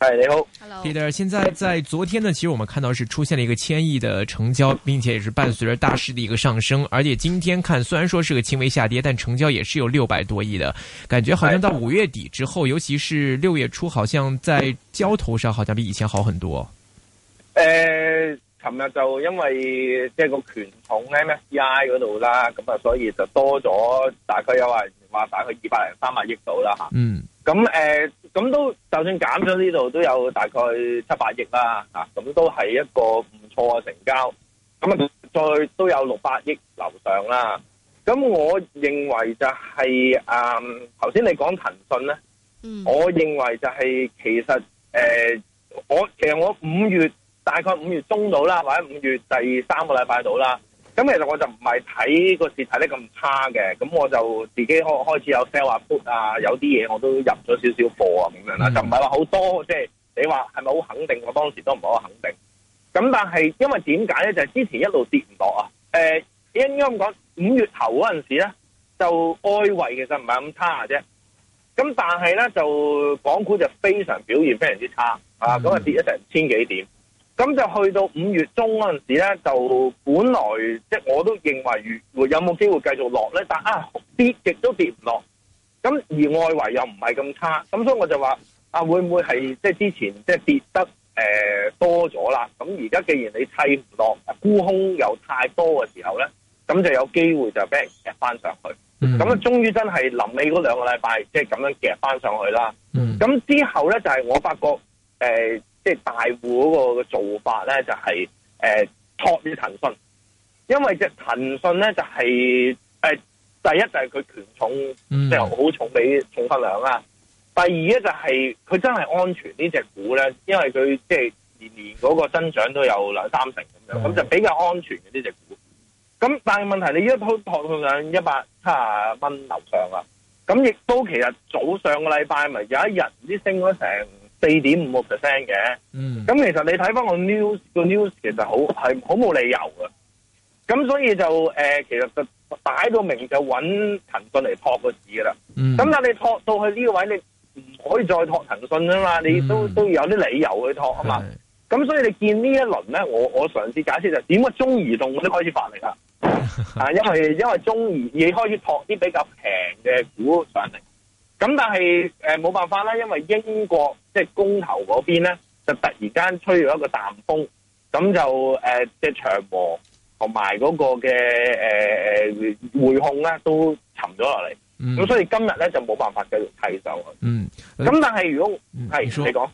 係、hey, 你好 Hello.，Peter。現在在昨天呢，其實我們看到是出現了一個千億的成交，並且也是伴隨着大市的一個上升。而且今天看雖然說是個輕微下跌，但成交也是有六百多億的感覺，好像到五月底之後，尤其是六月初，好像在交投上好像比以前好很多。誒，琴日就因為即係、這個權重 M S I 嗰度啦，咁啊，所以就多咗大概有話話大概二百零三百億度啦吓。嗯。咁誒，咁、呃、都就算減咗呢度都有大概七百億啦，嚇、啊，咁都係一個唔錯嘅成交。咁啊，再都有六百億樓上啦。咁我認為就係誒頭先你講騰訊咧，我認為就係其實誒、呃，我其實我五月大概五月中度啦，或者五月第三個禮拜度啦。咁其實我就唔係睇個市睇得咁差嘅，咁我就自己開開始有 sell 啊 put 啊，有啲嘢我都入咗少少貨啊，咁樣啦，就唔係話好多，即係你話係咪好肯定？我當時都唔係好肯定。咁但係因為點解咧？就係、是、之前一路跌唔落啊。誒、呃，應該咁講五月頭嗰陣時咧，就外圍其實唔係咁差啫。咁但係咧，就港股就非常表現非常之差、mm hmm. 啊！咁啊跌咗成千幾點。咁就去到五月中嗰陣時咧，就本來即、就是、我都認為會有冇機會繼續落咧，但啊跌極都跌唔落。咁而外圍又唔係咁差，咁所以我就話：啊會唔會係即之前即跌得誒、呃、多咗啦？咁而家既然你砌唔落沽空又太多嘅時候咧，咁就有機會就俾人夾翻上去。咁啊，終於真係臨尾嗰兩個禮拜即係咁樣夾翻上去啦。咁、mm. 之後咧就係、是、我發覺誒。呃即係大戶嗰個做法咧、就是，就係誒托住騰訊，因為隻騰訊咧就係、是、誒、呃、第一就係佢權重即又好重，俾重分量啊。Mm hmm. 第二咧就係佢真係安全這隻呢隻股咧，因為佢即係年年嗰個增長都有兩三成咁樣，咁、mm hmm. 就比較安全嘅呢隻股。咁但係問題是你一鋪托到上一百七啊蚊樓上啦，咁亦都其實早上個禮拜咪有一日啲升咗成四點五個 percent 嘅，咁、嗯、其實你睇翻個 news 個 news 其實好係好冇理由嘅，咁所以就誒、呃、其實就擺到明就揾騰訊嚟托個市噶啦，咁、嗯、但係你托到去呢個位，你唔可以再托騰訊啊嘛，你都、嗯、都有啲理由去托啊嘛，咁的所以你見呢一輪咧，我我嘗試解釋就點、是、解中移動都開始發力啦， 啊因為因為中移你開始托啲比較平嘅股上嚟。咁但係誒冇辦法啦，因為英國即係公投嗰邊咧，就突然間吹咗一個淡風，咁就誒、呃、即係長和同埋嗰個嘅誒誒匯控咧都沉咗落嚟。咁、嗯、所以今日咧就冇辦法繼續睇走。嗯，咁但係如果係、嗯、是你講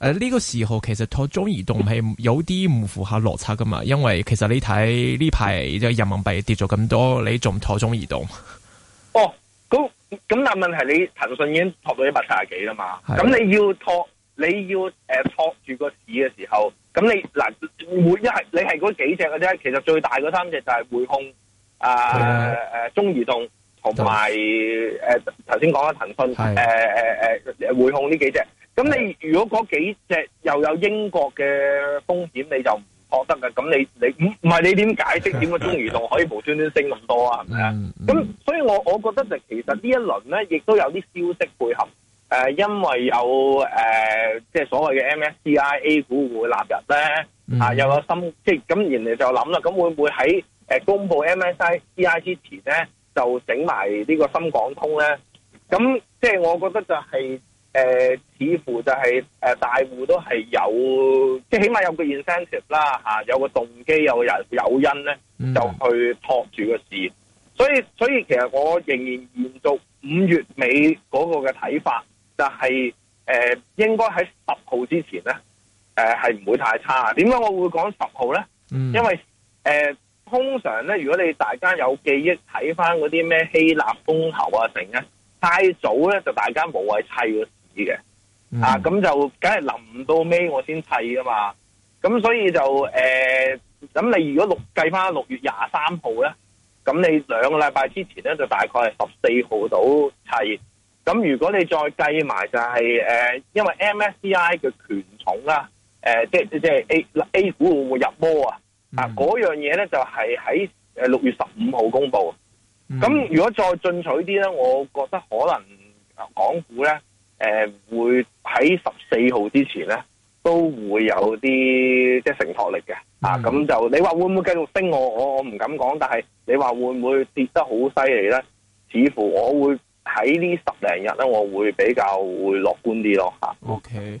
誒呢個時候其實妥中移動係有啲唔符合邏輯噶嘛？因為其實你睇呢排即係人民幣跌咗咁多，你仲唔妥中移動？哦。咁，但問題是你騰訊已經託到一百七十幾啦嘛，咁的你要託，你要誒託住、啊、個市嘅時候，咁你嗱、啊、每一係你係嗰幾隻嘅啫，其實最大嗰三隻就係匯控、啊、是的中移動同埋誒頭先講嘅騰訊的、啊、匯控呢幾隻，咁你如果嗰幾隻又有英國嘅風險，你就。覺得嘅，咁你你唔唔係你點解釋點解中移動可以無端端升咁多啊？係咪啊？咁、mm hmm. 所以我我覺得就其實呢一輪咧，亦都有啲消息配合誒，因為有誒即係所謂嘅 MSCI A 股會納入咧啊，有個深即係咁人哋就諗啦，咁會唔會喺誒公布 MSCI 之前咧，就整埋呢個深港通咧？咁即係我覺得就係。誒、呃，似乎就係、是、誒、呃，大戶都係有，即係起碼有個 incentive 啦，吓、啊，有個動機，有個人有因咧就去托住個市。所以，所以其實我仍然延續五月尾嗰個嘅睇法，就係、是、誒、呃，應該喺十號之前咧，誒係唔會太差。點解我會講十號咧？因為誒、呃，通常咧，如果你大家有記憶睇翻嗰啲咩希臘風頭啊成咧，太早咧就大家冇謂砌嘅、嗯、啊，咁就梗係臨到尾我先砌噶嘛，咁所以就誒，咁、呃、你如果六計翻六月廿三號咧，咁你兩個禮拜之前咧就大概係十四號到砌，咁如果你再計埋就係、是、誒、呃，因為 MSCI 嘅權重啦，誒、呃、即即係 A A 股會唔會入摩啊？嗯、啊，嗰樣嘢咧就係喺誒六月十五號公布、啊，咁如果再進取啲咧，我覺得可能港股咧。誒、呃，會喺十四號之前咧，都會有啲即係承托力嘅、嗯、啊。咁就你話會唔會繼續升我？我我我唔敢講，但係你話會唔會跌得好犀利咧？似乎我會喺呢十零日咧，我會比較會樂觀啲咯。吓，O K。Okay.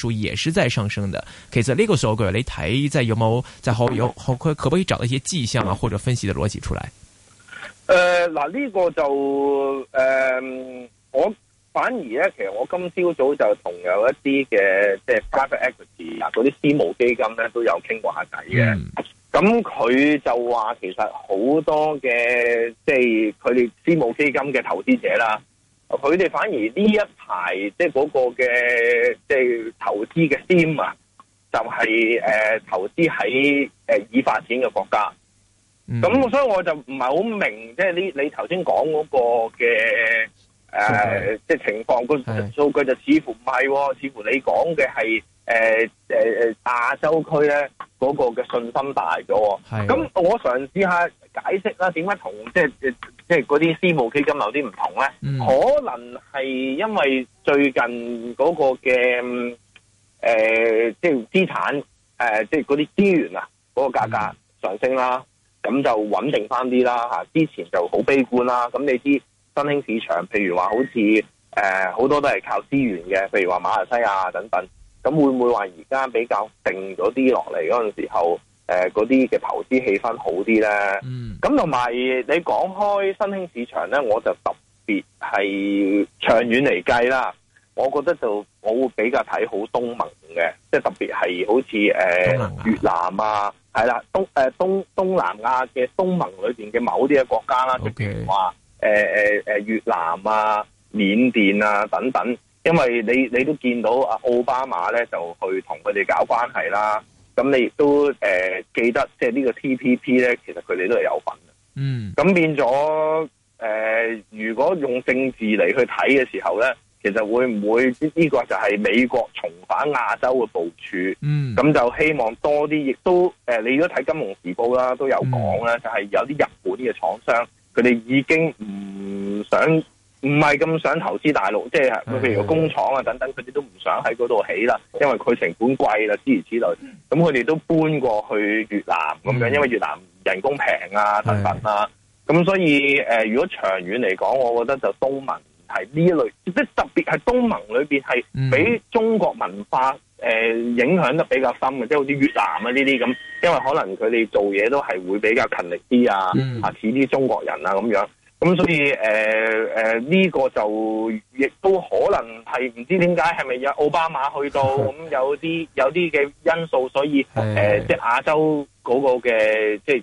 數也是在上升嘅。其實呢個數據你睇在有冇在後有後可唔可以找到一些跡象啊，或者分析嘅邏輯出來？誒、呃，嗱、這、呢個就誒、呃，我反而咧，其實我今朝早就同有一啲嘅即係 private equity 啊，嗰啲私募基金咧都有傾過一下偈嘅。咁佢、嗯、就話，其實好多嘅即係佢哋私募基金嘅投資者啦。佢哋反而呢一排即係、嗰個嘅即係投資嘅 theme 啊，就係、是、誒、呃、投資喺誒已發展嘅國家。咁、嗯、所以我就唔係好明白，即係呢你頭先講嗰個嘅誒、呃、的即係情況個數據就似乎唔係、哦，似乎你講嘅係誒誒誒亞洲區咧嗰個嘅信心大咗、哦。咁的我嘗試下解釋啦、啊，點解同即係。呃即係嗰啲私募基金有啲唔同咧，嗯、可能係因為最近嗰個嘅誒，即、呃、係、就是、資產誒，即係嗰啲資源啊，嗰、嗰個價格上升啦，咁就穩定翻啲啦嚇。之前就好悲觀啦，咁你知新興市場，譬如話好似誒好多都係靠資源嘅，譬如話馬來西亞等等，咁會唔會話而家比較定咗啲落嚟嗰陣時候？誒嗰啲嘅投資氣氛好啲咧，嗯，咁同埋你講開新興市場咧，我就特別係長遠嚟計啦，我覺得就我會比較睇好東盟嘅，即係特別係好似誒、呃、越南啊，係啦、呃，東誒東東南亞嘅東盟裏邊嘅某啲嘅國家啦，即譬如話誒誒誒越南啊、緬甸啊等等，因為你你都見到阿奧巴馬咧就去同佢哋搞關係啦。咁你亦都誒記得，即係呢個 TPP 咧，其實佢哋都係有份嘅。嗯，咁變咗誒、呃，如果用政治嚟去睇嘅時候咧，其實會唔會呢、呢個就係美國重返亞洲嘅部署？嗯，咁就希望多啲，亦都誒、呃，你如果睇《金融時報》啦，都有講咧，嗯、就係有啲日本嘅廠商，佢哋已經唔想。唔係咁想投資大陸，即係譬如工廠啊等等，佢哋都唔想喺嗰度起啦，因為佢成本貴啦，諸如此類。咁佢哋都搬過去越南咁樣，嗯、因為越南人工平啊等等啦、啊。咁、嗯、所以誒、呃，如果長遠嚟講，我覺得就東盟係呢一類，即係特別係東盟裏邊係俾中國文化誒、呃、影響得比較深嘅，即係好似越南啊呢啲咁，因為可能佢哋做嘢都係會比較勤力啲啊，啊似啲中國人啊咁樣。咁、嗯、所以誒誒呢個就亦都可能係唔知點解係咪有奧巴馬去到咁、嗯、有啲有啲嘅因素，所以誒、 呃、即係亞洲嗰個嘅即係。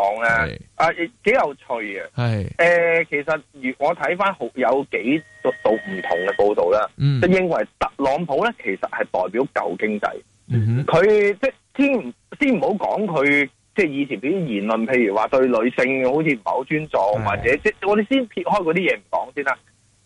講咧，啊是，幾有趣嘅。係是，誒、呃，其實如我睇翻，好有幾度唔同嘅報道啦。嗯，即係認為特朗普咧，其實係代表舊經濟。嗯哼，佢即係先先唔好講佢，即係以前啲言論，譬如話對女性好似唔係好尊重，是或者即我哋先撇開嗰啲嘢唔講先啦。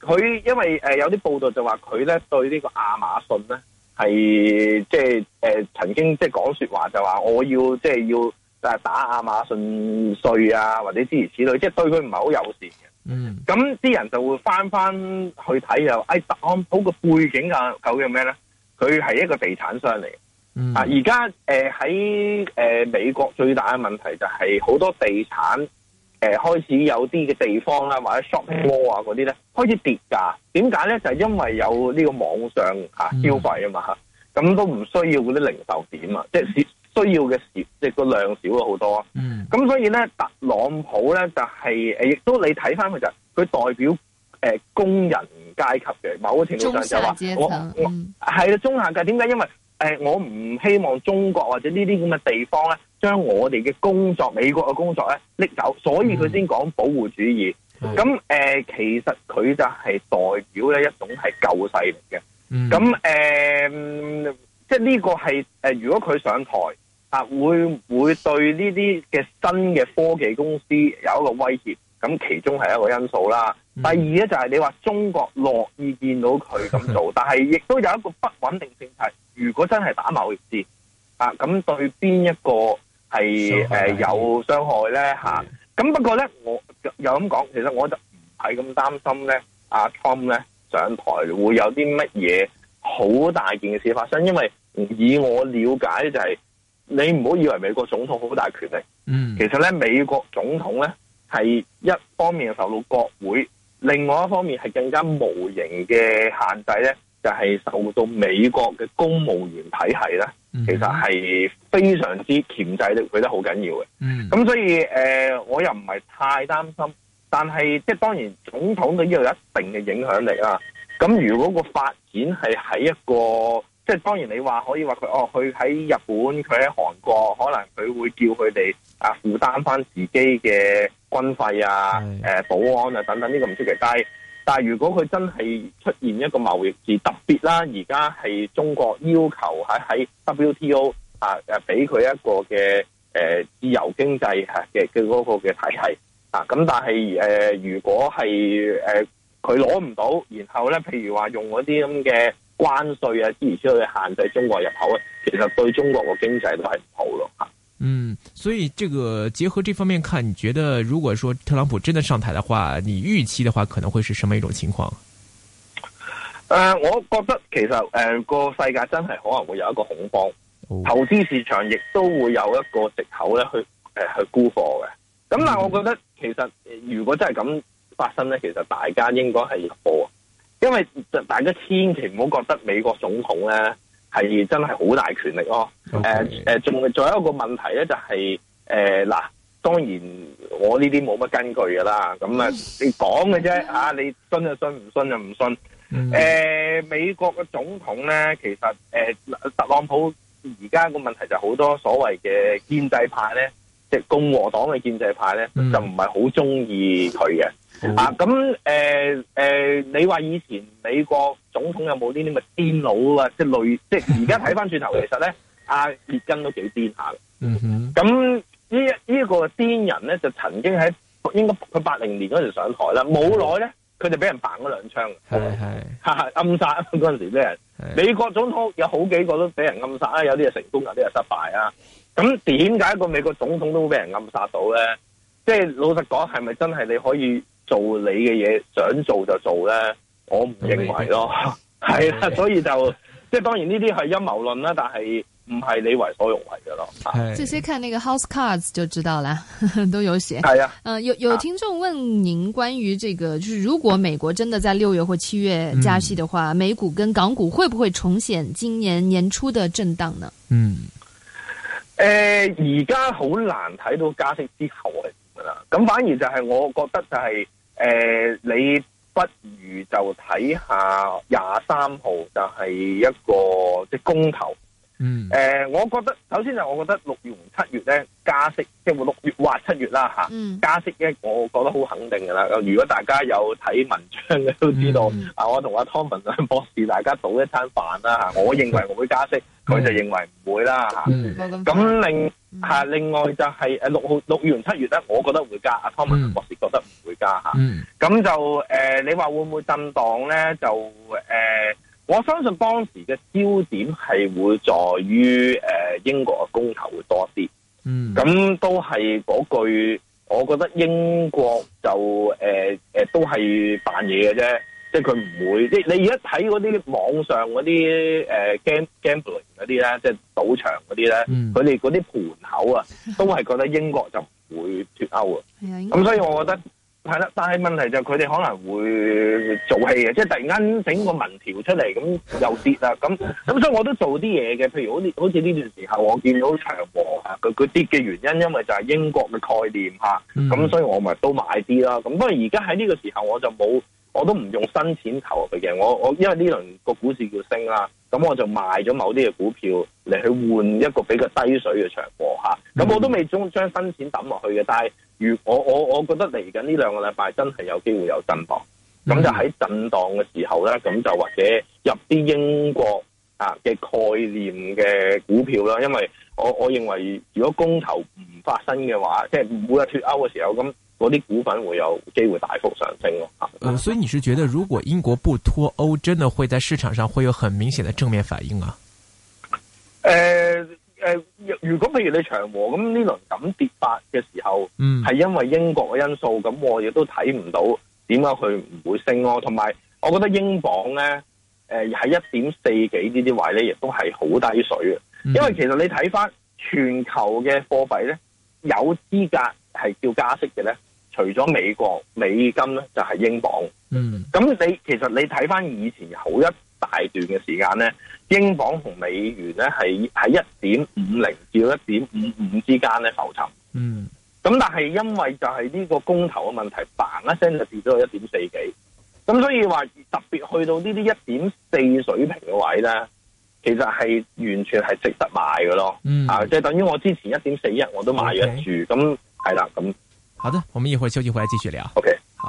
佢因為誒有啲報道就話佢咧對呢個亞馬遜咧係即係誒曾經即係講說話就話我要即係、就是、要。就係打亞馬遜稅啊，或者諸如此類，即係對佢唔係好友善嘅。嗯，咁啲人就會返返去睇又，哎，特朗普個背景啊，究竟咩咧？佢係一個地產商嚟嘅。啊、嗯，而家誒喺誒美國最大嘅問題就係好多地產誒、呃、開始有啲嘅地方啦，或者 shopping mall 啊嗰啲咧開始跌價。點解咧？就係、是、因為有呢個網上嚇消費啊嘛嚇，咁、嗯、都唔需要嗰啲零售點啊，即係。需要嘅少，即係個量少咗好多。嗯，咁所以咧，特朗普咧就係、是、誒，亦都你睇翻佢就是，佢代表誒、呃、工人階級嘅，某個程度上就話「我，係啦，中下界。」點解？因為誒、呃，我唔希望中國或者呢啲咁嘅地方咧，將我哋嘅工作，美國嘅工作咧拎走，所以佢先講保護主義。咁誒、嗯呃，其實佢就係代表咧一種係救世嚟嘅。嗯，咁誒。呃即係呢個係誒、呃，如果佢上台啊，會會對呢啲嘅新嘅科技公司有一個威脅，咁其中係一個因素啦。嗯、第二咧就係你話中國樂意見到佢咁做，但係亦都有一個不穩定性係，如果真係打貿易戰啊，咁對邊一個係誒、呃、有傷害咧嚇？咁的不過咧，我又咁講，其實我就唔係咁擔心咧，阿 Trump 咧上台會有啲乜嘢好大件事發生，因為。以我了解就係、是、你唔好以為美國總統好大權力，嗯，其實咧美國總統咧係一方面受到國會，另外一方面係更加無形嘅限制咧，就係、是、受到美國嘅公務員體系咧，嗯、其實係非常之鉗制覺的，佢得好緊要嘅，咁所以誒、呃、我又唔係太擔心，但係即係當然總統對呢度有一定嘅影響力啦。咁如果個發展係喺一個。即係當然你，你話可以話佢哦，佢喺日本，佢喺韓國，可能佢會叫佢哋啊負擔翻自己嘅軍費啊、誒、啊、保安啊等等呢、這個唔出奇。但係，但係如果佢真係出現一個貿易戰特別啦，而家係中國要求喺喺 WTO 啊誒俾佢一個嘅誒、啊、自由經濟嘅嘅嗰個嘅體系啊。咁但係誒、啊，如果係誒佢攞唔到，然後咧，譬如話用嗰啲咁嘅。關稅啊，之之類的限制中國入口啊，其實對中國個經濟都係唔好咯。嗯，所以這個結合這方面看，你覺得如果說特朗普真的上台的話，你預期的話可能會是什麼一種情況？誒、呃，我覺得其實誒個、呃、世界真係可能會有一個恐慌，投資市場亦都會有一個藉口咧去誒、呃、去沽貨嘅。咁但係我覺得其實如果真係咁發生呢，其實大家應該係好。因為大家千祈唔好覺得美國總統咧係真係好大權力咯、啊，誒誒 Okay.、呃，仲仲有一個問題咧就係誒嗱，當然我呢啲冇乜根據㗎喇，咁啊你講嘅啫，啊你信就信，唔信就唔信。誒、mm hmm. 呃，美國嘅總統咧，其實誒、呃、特朗普而家個問題就好多所謂嘅建制派咧，即、就、係、是、共和黨嘅建制派咧，mm hmm. 就唔係好中意佢嘅。好啊，咁誒誒，你話以前美國總統有冇呢啲咁嘅癲佬啊？即係類，即係而家睇翻轉頭， 其實咧，阿、啊、列根都幾癲下嘅。嗯咁哼、這個這個、呢呢個癲人咧，就曾經喺應該佢八零年嗰時上台啦，冇耐咧，佢就俾人嘭咗兩槍。係係是暗殺嗰陣時，人，是是美國總統有好幾個都俾人暗殺啊，有啲係成功，有啲係失敗啊。咁點解個美國總統都會俾人暗殺到咧？即、就、係、是、老實講，係咪真係你可以？做你嘅嘢，想做就做咧，我唔認為咯，係啦白， 所以就即係當然呢啲係陰謀論啦，但係唔係你為所欲為嘅咯。直接的看那個 House Cards 就知道啦，都有寫。係啊的、呃，有有聽眾問您關於這個，就是如果美國真的在六月或七月加息的話，嗯、美股跟港股會不會重現今年年初的震盪呢？嗯，誒、呃，而家好難睇到加息之後係點嘅啦，咁反而就係我覺得就係、是。誒、呃，你不如就睇下廿三號就係一個即、即係、公投。嗯，誒，我覺得首先就我覺得六月同七月咧，加息，即係六月或七月啦吓，加息咧，我覺得好肯定噶啦。如果大家有睇文章嘅都知道，啊，我同阿湯文博士大家賭一餐飯啦吓，我認為我會加息，佢就認為唔會啦吓。咁另吓，另外就係誒六號六月同七月咧，我覺得會加，阿湯文博士覺得唔會加吓。咁就誒，你話會唔會震盪咧？就誒。我相信當時嘅焦點係會在於誒英國嘅公投會多啲，嗯，咁都係嗰句，我覺得英國就誒誒、呃呃、都係扮嘢嘅啫，即係佢唔會，即係你而家睇嗰啲網上嗰啲誒、呃、gam gambling 嗰啲咧，即係賭場嗰啲咧，佢哋嗰啲盤口啊，都係覺得英國就唔會脫歐啊，咁所以我覺得。係啦，但係問題就係佢哋可能會做戲啊！即係突然間整個民調出嚟，咁又跌啦，咁咁，所以我都做啲嘢嘅。譬如好似好似呢段時候，我見到長和啊，佢佢跌嘅原因，因為就係英國嘅概念嚇。咁所以我咪都買啲啦。咁不過而家喺呢個時候，我就冇，我都唔用新錢投入去嘅。我我因為呢輪個股市叫升啦，咁我就賣咗某啲嘅股票嚟去換一個比較低水嘅長和嚇。咁我都未將將新錢抌落去嘅，但係。如我我我覺得嚟緊呢兩個禮拜真係有機會有震盪，咁、嗯、就喺震盪嘅時候呢，咁就或者入啲英國啊嘅概念嘅股票啦，因為我我認為如果公投唔發生嘅話，即係唔會脫歐嘅時候，咁嗰啲股份會有機會大幅上升咯，呃。所以你是覺得如果英國不脫歐，真的會在市場上會有很明顯的正面反應啊？呃誒，如果譬如你長和咁呢輪咁跌八嘅時候，係因為英國嘅因素，咁我亦都睇唔到點解佢唔會升咯。同埋，我覺得英鎊咧，誒喺一點四幾呢啲位咧，亦都係好低水嘅。因為其實你睇翻全球嘅貨幣咧，有資格係叫加息嘅咧，除咗美國美金咧，就係英鎊。嗯，咁你其實你睇翻以前好一太段嘅時間咧，英鎊同美元咧係喺一點五零至到一點五五之間咧浮沉。嗯，咁但係因為就係呢個公投嘅問題，嘭一聲就跌咗去一點四幾。咁所以話特別去到呢啲一點四水平嘅位咧，其實係完全係值得買嘅咯。嗯、啊，即係等於我之前一點四一我都買得住。咁係啦，咁好嘅，我們一會休息，回來繼續聊。OK，好